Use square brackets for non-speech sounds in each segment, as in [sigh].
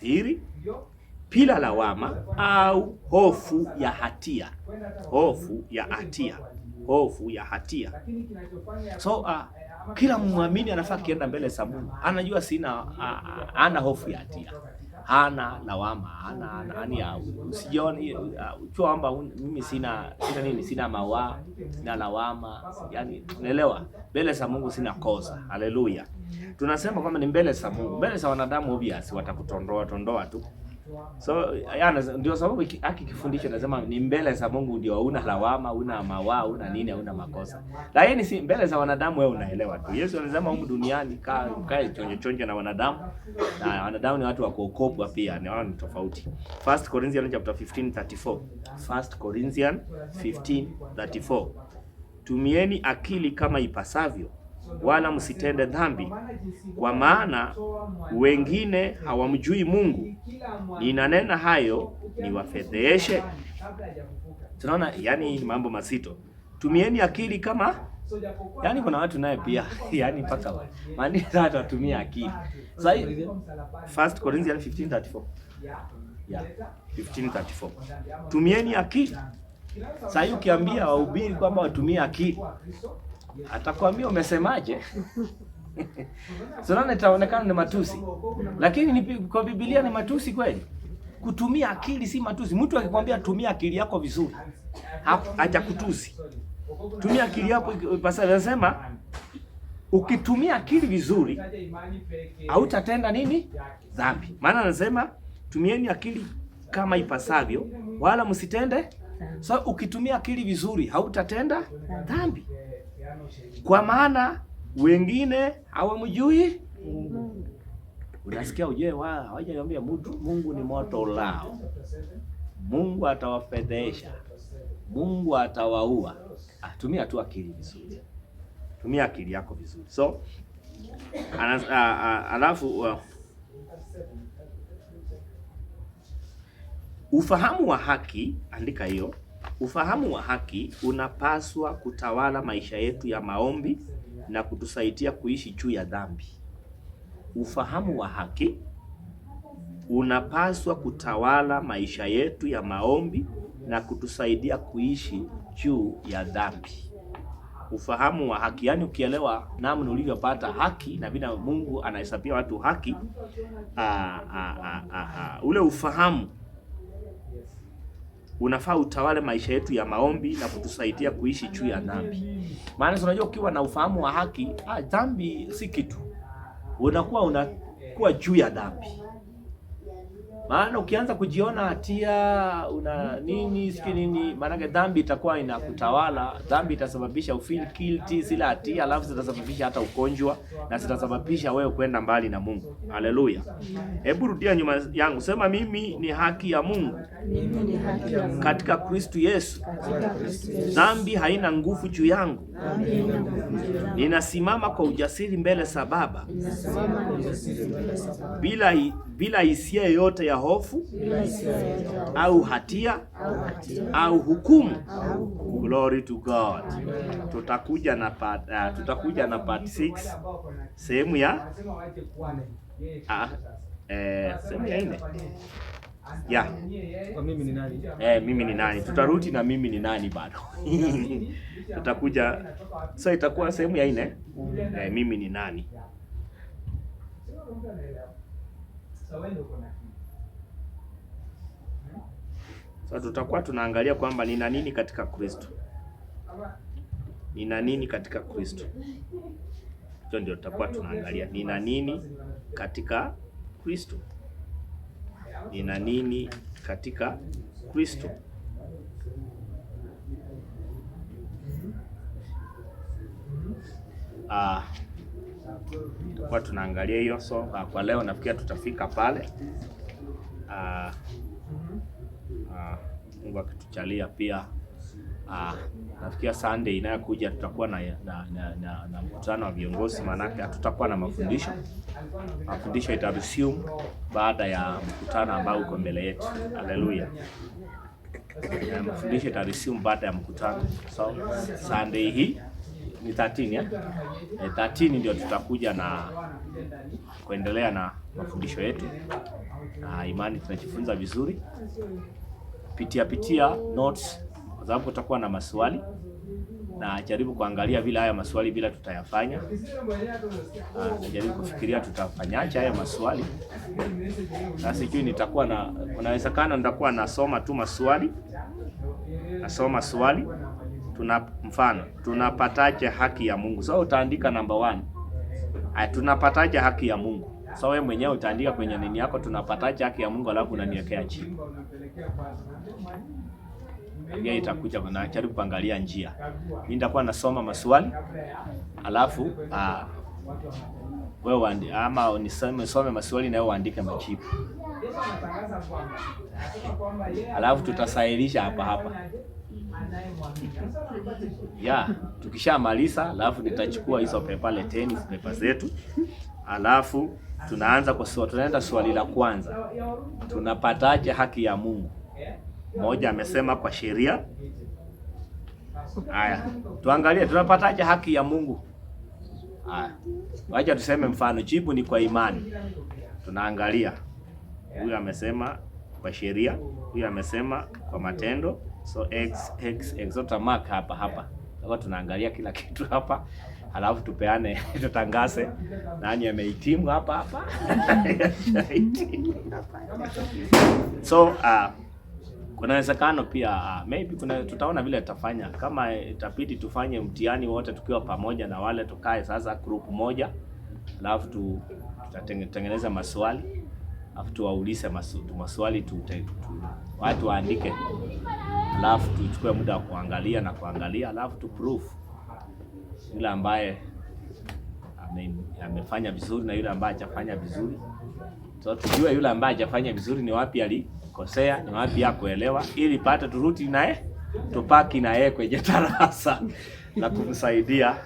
dhiri la lawama au hofu ya hatia, hofu ya hatia, hofu ya hatia. So uh, kila muamini anafaa kienda mbele za Mungu, anajua sina, uh, uh ana hofu ya hatia hana lawama, hana nani, usijione uh, kwamba mimi sina sina nini, sina mawa sina lawama, yani unaelewa, mbele za Mungu sina kosa. Haleluya! Tunasema kwamba ni mbele za Mungu, mbele za wanadamu obvious, watakutondoa tondoa tu So yana, eh, ndio sababu haki kifundisho nasema ni mbele za Mungu ndio una lawama, una mawaa, una nini, una makosa. Lakini si mbele za wanadamu wewe unaelewa tu. Yesu alisema huko duniani kaa kae chonje chonje na wanadamu. Na wanadamu ni watu wa kuokopwa pia, ni wao ni tofauti. 1 Corinthians chapter 15:34. 1 Corinthians 15:34. Tumieni akili kama ipasavyo wala msitende dhambi, kwa maana wengine hawamjui Mungu. Ninanena hayo niwafedheheshe. Tunaona yani mambo mazito. Tumieni akili kama yani, kuna watu naye pia [laughs] yani mpaka maandiko [laughs] hata watumia akili. Sasa hivi Corinthians 15:34. Yeah. 15:34. Tumieni akili. Sasa hiyo ukiambia wahubiri kwamba watumie akili atakwambia umesemaje? Sinaona [laughs] itaonekana ni matusi, lakini ni, kwa Biblia ni matusi kweli? Kutumia akili si matusi. Mtu akikwambia tumia akili yako vizuri, hajakutusi. Tumia akili yako ipasavyo. Anasema ukitumia akili vizuri hautatenda nini? Dhambi. Maana anasema tumieni akili kama ipasavyo, wala msitende. So ukitumia akili vizuri hautatenda dhambi kwa maana wengine hawamjui Mungu. Unasikia ujue wao hawajaambia mtu Mungu ni moto ulao. Mungu atawafedhesha, Mungu atawaua. Atumia ah, tu akili vizuri, tumia akili yako vizuri. So alafu uh, ufahamu wa haki, andika hiyo. Ufahamu wa haki unapaswa kutawala maisha yetu ya maombi na kutusaidia kuishi juu ya dhambi. Ufahamu wa haki unapaswa kutawala maisha yetu ya maombi na kutusaidia kuishi juu ya dhambi. Ufahamu wa haki, yaani ukielewa namna ulivyopata haki na vile Mungu anahesabia watu haki, aa, ah, aa, ah, aa, ah, aa, ule ufahamu unafaa utawale maisha yetu ya maombi na kutusaidia kuishi juu ya dhambi. Maana unajua ukiwa na ufahamu wa haki, ah, dhambi si kitu, unakuwa unakuwa juu ya dhambi. Maana ukianza kujiona hatia una nini siki nini, maanake dhambi itakuwa inakutawala. Dhambi itasababisha ufeel guilty, sila hatia, alafu zitasababisha hata ugonjwa na zitasababisha wewe kwenda mbali na Mungu. Haleluya! Hebu rudia nyuma yangu, sema mimi ni haki ya Mungu katika kristu Yesu. Dhambi haina nguvu juu yangu. Ninasimama kwa ujasiri mbele za Baba bila hisia yoyote ya hofu au hatia au hukumu. Glory to God. Tutakuja na part, uh, tutakuja na part 6 sehemu ya ah, eh, sehemu ya nne ya yeah. Mimi ni nani? Eh, mimi ni nani? Tutarudi na mimi ni nani bado [laughs] tutakuja, so itakuwa sehemu ya nne eh, mimi ni nani. Sasa tutakuwa tunaangalia kwamba nina nini katika Kristo, nina nini katika Kristo. Hicho ndio tutakuwa tunaangalia, nina nini katika Kristo, nina nini katika Kristo. Ah, tutakuwa tunaangalia hiyo so, ah, kwa leo nafikia tutafika pale uh, uh, Mungu akituchalia pia Ah, nafikia Sunday inayokuja tutakuwa na, na, na, na, na mkutano wa viongozi, maanake hatutakuwa na mafundisho. Mafundisho resume baada ya mkutano ambao uko mbele yetu. Haleluya. Na eh, mafundisho resume baada ya mkutano. So Sunday hii ni 13 eh? 13 eh, ndio tutakuja na kuendelea na mafundisho yetu na imani, tunajifunza vizuri. Pitia pitia notes, kwa sababu kutakuwa na maswali na jaribu kuangalia vile haya maswali bila tutayafanya, na jaribu kufikiria tutafanyaje haya maswali. Na sijui nitakuwa na, unawezekana nitakuwa nasoma tu maswali, nasoma swali tuna mfano tunapataje haki ya Mungu? So utaandika namba one Eh, tunapataje haki ya Mungu? So wewe mwenyewe utaandika kwenye nini yako, tunapataje haki ya Mungu, alafu unaniwekea chini. Ndio itakuja na jaribu kuangalia njia. Mimi nitakuwa nasoma maswali alafu ah, wewe uandike ama unisome some maswali na wewe uandike majibu. Alafu tutasahilisha hapa hapa yeah, tukishamaliza alafu nitachukua hizo pepa leteni pepa zetu, alafu tunaanza kwa swali, tunaenda swali la kwanza, tunapataje haki ya Mungu? Mmoja amesema kwa sheria. Haya, tuangalie tunapataje haki ya Mungu. Haya, wacha tuseme mfano, jibu ni kwa imani. Tunaangalia huyu amesema kwa sheria, huyu amesema kwa matendo So x x exota mark hapa hapa kwa tunaangalia kila kitu hapa, halafu tupeane [laughs] tutangase nani amehitimu hapa hapa [laughs] so uh, kuna uwezekano pia uh, maybe kuna tutaona vile tutafanya, kama itabidi tufanye mtihani wote tukiwa pamoja na wale, tukae sasa group moja, halafu tutatengeneza maswali afu tuwaulize maswali tu, watu waandike, alafu tuchukue muda wa kuangalia na kuangalia, alafu tu proof yule ambaye amefanya vizuri na yule ambaye hajafanya vizuri. So tujue yule ambaye hajafanya vizuri ni wapi alikosea, ni wapi hakuelewa, ili pate turuti naye tupaki naye kwenye darasa na kumsaidia.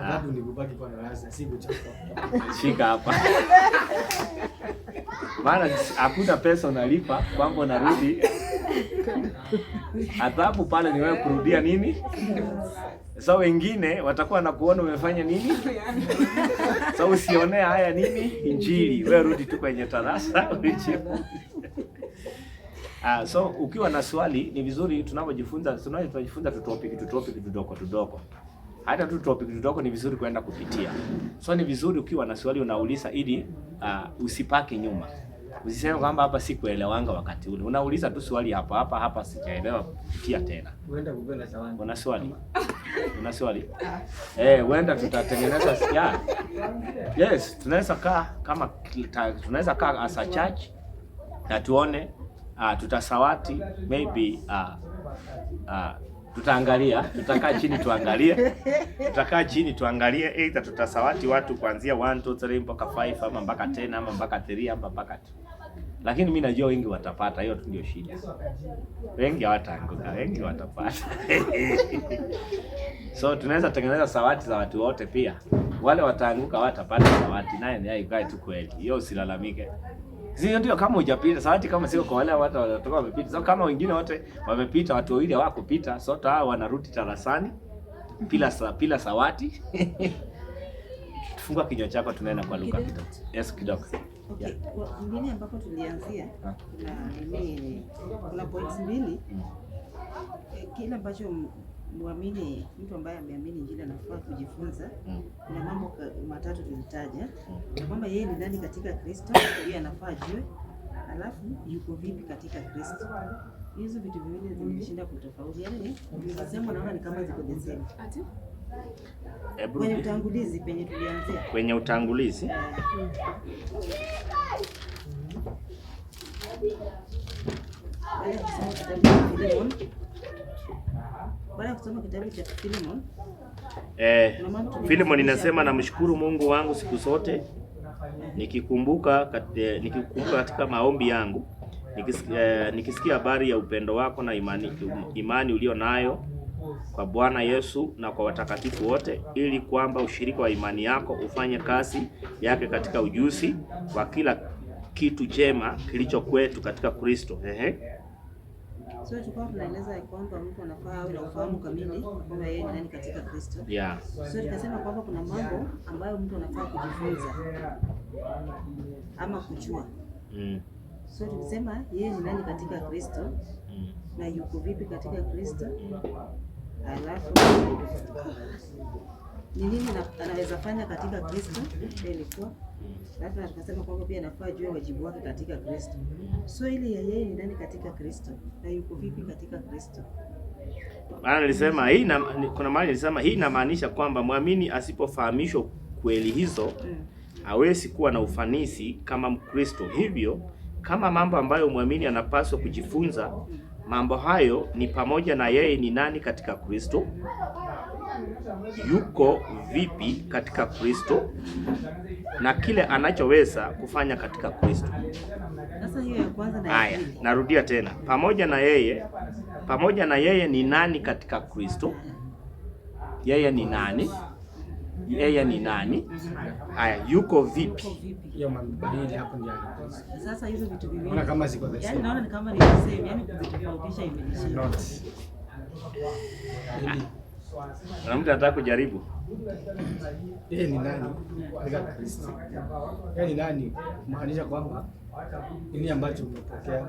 Adhabu ni kubaki kwa darasa, si kuchapa. Shika hapa. Maana hakuna pesa unalipa kwamba unarudi. Adhabu pale ni wewe kurudia nini? Sasa wengine watakuwa na kuona umefanya nini? Sasa usionea haya nini? Injili. Wewe rudi tu kwenye darasa. Ah, so ukiwa na swali ni vizuri tunapojifunza tunapojifunza tu topic tu tudoko tudoko hata tu topic zako ni vizuri kwenda kupitia. So ni vizuri ukiwa na swali unauliza, ili uh, usipake nyuma, usiseme kwamba hapa sikuelewanga wakati ule. Unauliza tu swali hapa hapa hapa, sijaelewa, pitia tena. Uenda kupewa sawani. Una swali? Una swali? Eh, uenda tutatengeneza sikia. Yes, tunaweza kaa kama tunaweza kaa as a church na tuone uh, tutasawati maybe uh, uh, tutaangalia, tutakaa chini tuangalie, tutakaa chini tuangalie, aidha tutasawati watu kuanzia 1 2 3 mpaka 5 ama mpaka 10 ama mpaka 3 ama mpaka 2 lakini mimi najua wengi watapata. Hiyo ndio shida, wengi hawataanguka, wengi watapata. [laughs] So tunaweza tengeneza sawati za watu wote, pia wale wataanguka watapata sawati, naye ni niaikae tu kweli, hiyo usilalamike. Sisi ndio kama hujapita, sawati kama sio kwa wale watu watoka wamepita. Sio kama wengine wote wamepita, watu wawili hawakupita. Sote hao wanarudi darasani pila sa, pila sawati. Tufungua [laughs] kinywa chako tunaenda kwa Luka kidogo. Yes kidogo. Okay. Yeah. Mbili ambapo tulianzia mimi ah. kuna points mbili. Mm. Kile ambacho muamini mtu ambaye ameamini Injili anafaa kujifunza. Kuna mm. mambo matatu tulitaja, mm. kwamba yeye ni nani katika Kristo, yeye anafaa ajue, alafu yuko vipi katika Kristo. Hizo vitu viwili zimeshinda kutofauti, yaani sehemu naona ni kama ziko the same. Kwenye utangulizi penye tulianzia, kwenye utangulizi hmm. Hmm baada ya kusoma kitabu cha eh, Filimon inasema namshukuru Mungu wangu siku zote nikikumbuka katika, eh, nikikumbuka katika maombi yangu nikisikia, eh, nikisikia habari ya upendo wako na imani, imani ulio nayo kwa Bwana Yesu na kwa watakatifu wote, ili kwamba ushirika wa imani yako ufanye kazi yake katika ujuzi wa kila kitu chema kilicho kwetu katika Kristo. Ehe. So tulikuwa tunaeleza ya kwamba mtu anafaa awe na ufahamu kamili kwamba yeye ni nani katika Kristo. Yeah. So tukasema kwamba kuna mambo ambayo mtu anafaa kujifunza ama kujua. Mm. So tukisema yeye ni nani katika Kristo mm. na yuko vipi katika Kristo alafu ni nini anaweza fanya katika Kristo ilikuwa hata akasema kwamba pia anafaa ajue wajibu wake katika Kristo. So ili yeye ni nani katika Kristo na yuko vipi katika Kristo? Maana nilisema hii na, kuna maana nilisema hii inamaanisha kwamba mwamini asipofahamishwa kweli hizo mm. hawezi kuwa na ufanisi kama Mkristo. Hivyo kama mambo ambayo mwamini anapaswa kujifunza, mambo hayo ni pamoja na yeye ni nani katika Kristo, yuko vipi katika Kristo na kile anachoweza kufanya katika Kristo. Haya, narudia tena, pamoja na yeye, pamoja na yeye ni nani katika Kristo? Yeye ni nani? Yeye ni nani? Haya, yuko vipi? na mtu anataka kujaribu yeye ni nani katika Kristo, yeye ni nani, maanisha kwamba nini ambacho umepokea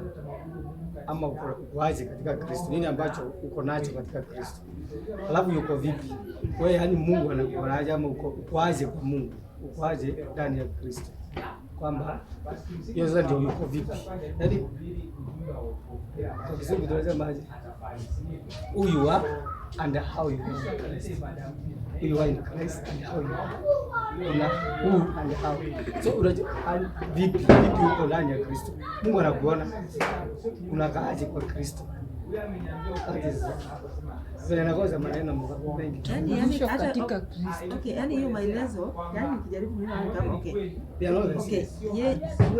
ama uko wazi katika Kristo, nini ambacho uko nacho katika Kristo, alafu yuko vipi wewe, yani Mungu anakuonaje, ama uko wazi kwa Mungu, uko wazi ndani ya Kristo, kwamba hiyo sasa ndio yuko vipi, yaani kwa Kiswahili tunasema huyu hapa and how you Christ. Um, you are in Christ and how you are who and how. So vipi vipi uko ndani ya Kristo? Mungu anakuona unakaaje kwa Kristo? Yaani, yaani, yaani hiyo maelezo yaani kijaribu yaani kama okay. Okay. Ye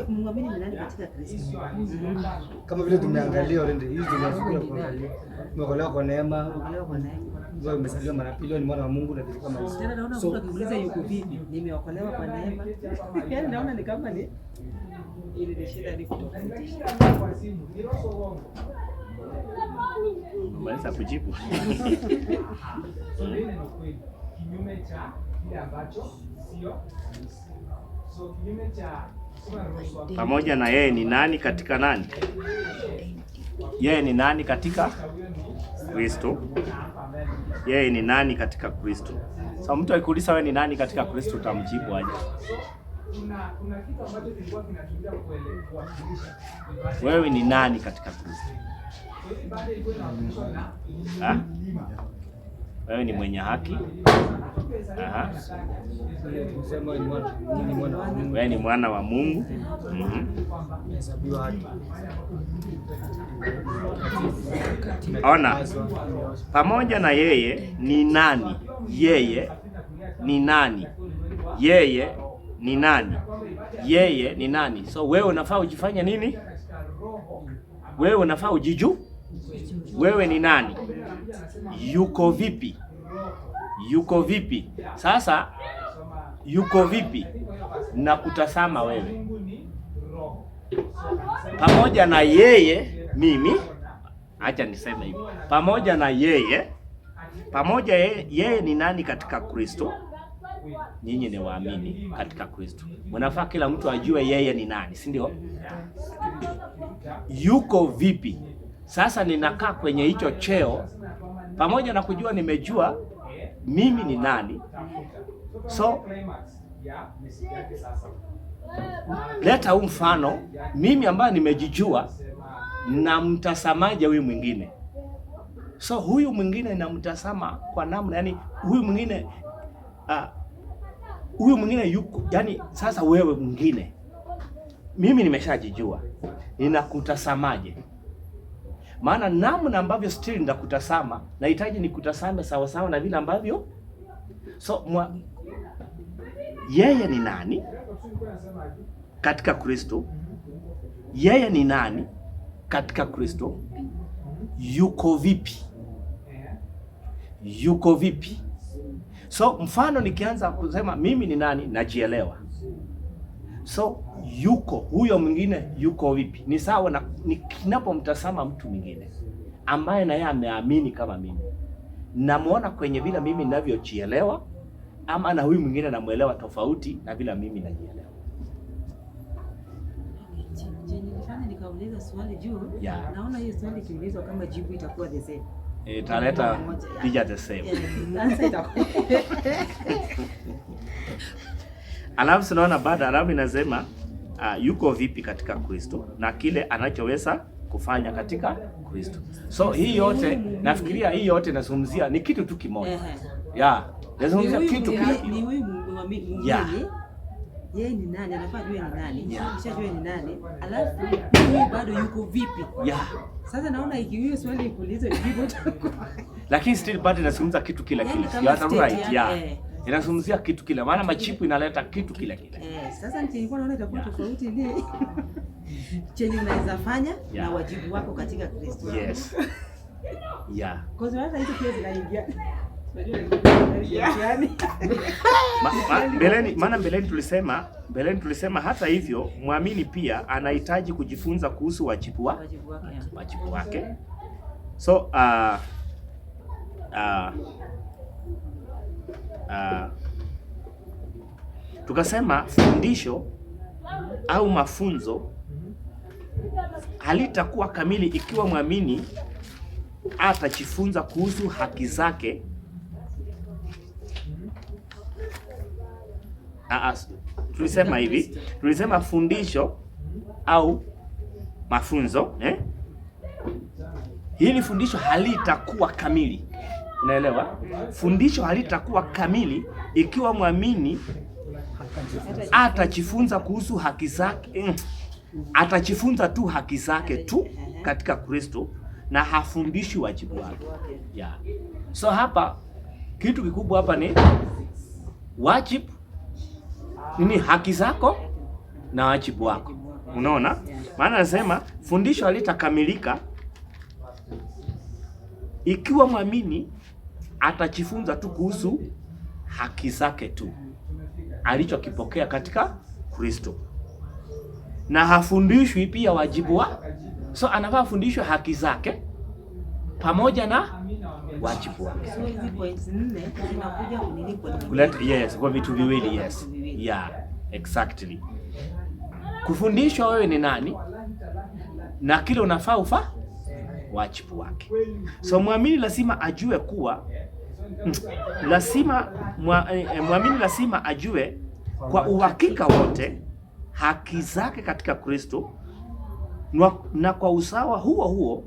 mwamini nani katika Kristo? Mm-hmm. Kama vile tumeangalia hizi kuangalia kwa neema umezaliwa mara pili, ni mwana wa Mungu na kama hizo. Tena naona mtu akiuliza yuko vipi? Nimeokolewa kwa neema. [laughs] Yaani naona ni kama ni ili kujibu kinyume cha kile ambacho sio so kinyume cha pamoja na yeye ni nani katika nani? Yeye ni nani katika Kristo? Yeye ni nani katika Kristo? Sasa mtu akikuuliza wewe ni nani katika Kristo utamjibu aje? Wewe ni nani katika Kristo? Wewe ni mwenye haki. Aha. Wewe ni mwana wa Mungu. Mm -hmm. Ona, pamoja na yeye ni nani? Yeye ni nani? Yeye ni nani, yeye ni nani. So wewe unafaa ujifanye nini? Wewe unafaa ujiju, wewe ni nani, yuko vipi, yuko vipi? Sasa yuko vipi na kutazama wewe pamoja na yeye. Mimi acha niseme hivi, pamoja na yeye, pamoja yeye, yeye ni nani katika Kristo nyinyi ni waamini katika Kristo, mnafaa kila mtu ajue yeye ni nani, si ndio? Yuko vipi? Sasa ninakaa kwenye hicho cheo, pamoja na kujua nimejua mimi ni nani, so leta huu mfano, mimi ambaye nimejijua, mtasamaje huyu mwingine? So huyu mwingine namtazama kwa namna yani, huyu mwingine uh, huyu mwingine yuko yani, sasa wewe mwingine, mimi nimeshajijua ninakutasamaje, maana namna ambavyo still ndakutasama nahitaji nikutasame sawa sawa na vile ambavyo so mwa, yeye ni nani katika Kristo? Yeye ni nani katika Kristo? Yuko vipi? Yuko vipi? So mfano nikianza kusema mimi ni nani, najielewa. So yuko huyo mwingine, yuko vipi? Ni sawa na ninapomtazama mtu mwingine ambaye naye ameamini kama mimi, namwona kwenye vile mimi ninavyojielewa, ama na huyu mwingine namwelewa tofauti na vile mimi najielewa. Nikauliza swali juu, naona hiyo swali ikiulizwa kama jibu itakuwa the same. Eh, italeta tija the same. Alafu sinaona baada, alafu inasema uh, yuko vipi katika Kristo na kile anachoweza kufanya katika Kristo. So hii yote nafikiria, hii yote inazungumzia ni kitu tu kimoja, yeah, nazungumzia kitu kimoja yeye ni nani, anafaa ajue ni nani, shajue ni nani, alafu bado yuko vipi? Yeah. Sasa naona ikiwa swali ikuulize jibu lakini still bado inazungumza kitu kila yaani kila, yeah, right. Yeah. Eh. Inazungumzia kitu kila, maana machipu inaleta kitu kila kila. Eh, sasa nilikuwa naona itakuwa tofauti ile [laughs] chenye unaweza fanya yeah, na wajibu wako katika Kristo. Yes. [laughs] Yeah. Kwa sababu hizo pia zinaingia Yaani. [laughs] Mbeleni, maana mbeleni tulisema mbeleni tulisema hata hivyo mwamini pia anahitaji kujifunza kuhusu wajibu wa wajibu wake. So uh, uh, uh, tukasema fundisho au mafunzo halitakuwa kamili ikiwa mwamini atajifunza kuhusu haki zake Ah, ah, tulisema hivi, tulisema fundisho au mafunzo eh? Hili fundisho halitakuwa kamili, unaelewa? Fundisho halitakuwa kamili ikiwa mwamini atajifunza kuhusu haki zake, eh, atajifunza tu haki zake tu katika Kristo na hafundishi wajibu wake yeah. So hapa kitu kikubwa hapa ni wajibu nini haki zako na wajibu wako. Unaona, maana nasema fundisho halitakamilika ikiwa mwamini atajifunza tu kuhusu haki zake tu alichokipokea katika Kristo, na hafundishwi pia wajibu wa so, anafaa afundishwe haki zake pamoja na wajibu wake. Yes, kwa vitu viwili yes yeah, exactly. Kufundishwa wewe ni nani na kile unafaa ufa wajibu wake. So mwamini lazima ajue kuwa mm, lazima eh, eh, mwamini lazima ajue kwa uhakika wote haki zake katika Kristo na kwa usawa huo huo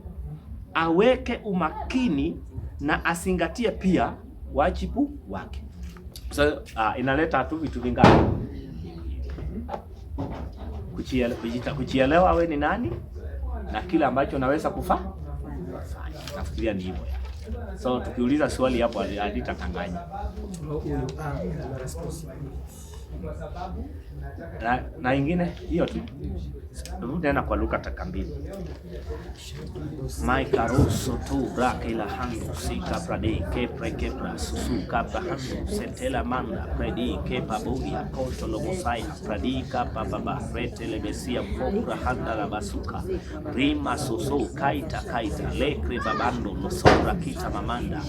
aweke umakini na azingatie pia wajibu wake. So uh, inaleta tu vitu vingapi? Kujielewa we ni nani na kila ambacho naweza kufa fanya. Nafikiria ni hivyo. So tukiuliza swali hapo alitakanganya na, na ingine hiyo tu. Tutaenda kwa Luka taka mbili mai maikaruso tu rakila handu sika pradi kepre kepra susu kapra handu setela manda predi kepa bugi apoto lomosai pradi kapa baba le mesia mpokra handa la basuka rima susu kaita kaita lekre babando losora kita mamanda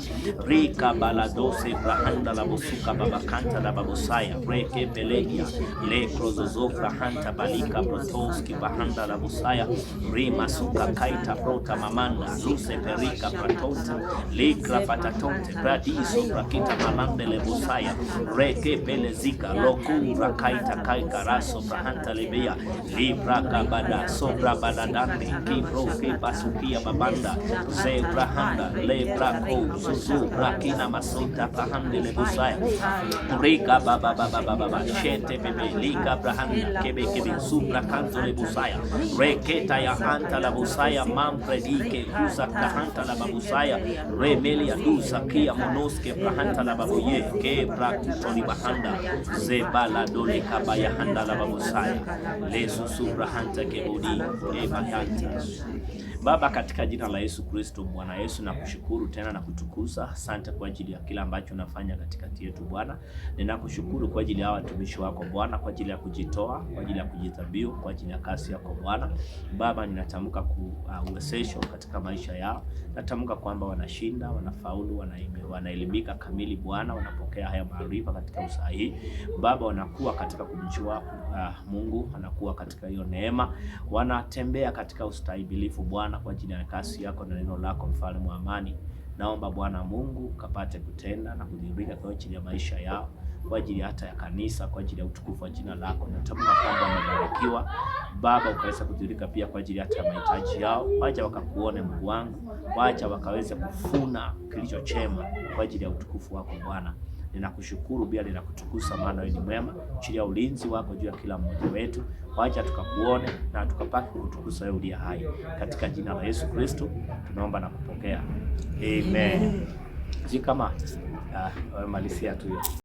rika baladose brahanda la busuka baba kanta la babosaya preke Pelegia Le Prozozofra, Hanta Balika, Protoski, Bahanda la Busaya, Rima Suka, Kaita, Prota, Mamanda, Luse, Perika, Pratonta, Likra, Patatonte, Pradiso, Prakita, Malande, Le Busaya, Reke, Pelezika, Loku, Rakaita, Kaika, Raso, Prahanta, Lebea, Libra, Gabada, Sobra, Badadande, Kipro, Kipa, Sukia, Babanda, Ze, Prahanda, Le, Prako, Suzu, Prakina, Masota, Prahande, Le Busaya, Rika, Baba Baba, Baba, Baba, shete bebe linga brahanda kebe kebe supra kanto le busaya reketa ya hanta la busaya predike usa hanta la babusaya re melia dusa kia monoske brahanta la baboye ke prakutoni bahanda bala dole ya handa la babusaya lezo supra hanta kebudi e bakanta Baba, katika jina la Yesu Kristo, Bwana Yesu, nakushukuru tena na kutukuza. Asante kwa ajili ya kila ambacho unafanya katikati yetu Bwana. Ninakushukuru kwa ajili ya watumishi wako Bwana, kwa ajili ya kujitoa, kwa ajili ya kujidhabihu, kwa ajili ya kasi yako Bwana. Baba, ninatamka uwezesho uh, katika maisha yao. Natamka kwamba wanashinda, wanafaulu, wanaelimika kamili Bwana, wanapokea haya maarifa katika usahihi. Baba, wanakuwa katika kumjua uh, ah, Mungu, wanakuwa katika hiyo neema, wanatembea katika ustahimilifu Bwana. Bwana, kwa ajili ya kasi yako na neno lako, mfalme wa amani. Naomba Bwana Mungu kapate kutenda na kudhihirika kwa ajili ya maisha yao, kwa ajili hata ya kanisa, kwa ajili ya utukufu wa jina lako. Natamka kwamba wamebarikiwa Baba, ukaweza kudhihirika pia kwa ajili hata ya mahitaji yao. Wacha wakakuone Mungu wangu, wacha wakaweze kufuna kilicho chema kwa ajili ya utukufu wako Bwana. Ninakushukuru pia ninakutukuza, maana wewe ni mwema. Chini ya ulinzi wako juu ya kila mmoja wetu, wacha tukakuone na tukapaki kutukuza wewe uliye hai, katika jina la Yesu Kristo tunaomba na kupokea, amen. Amen. Kama uh, ah, malisia tu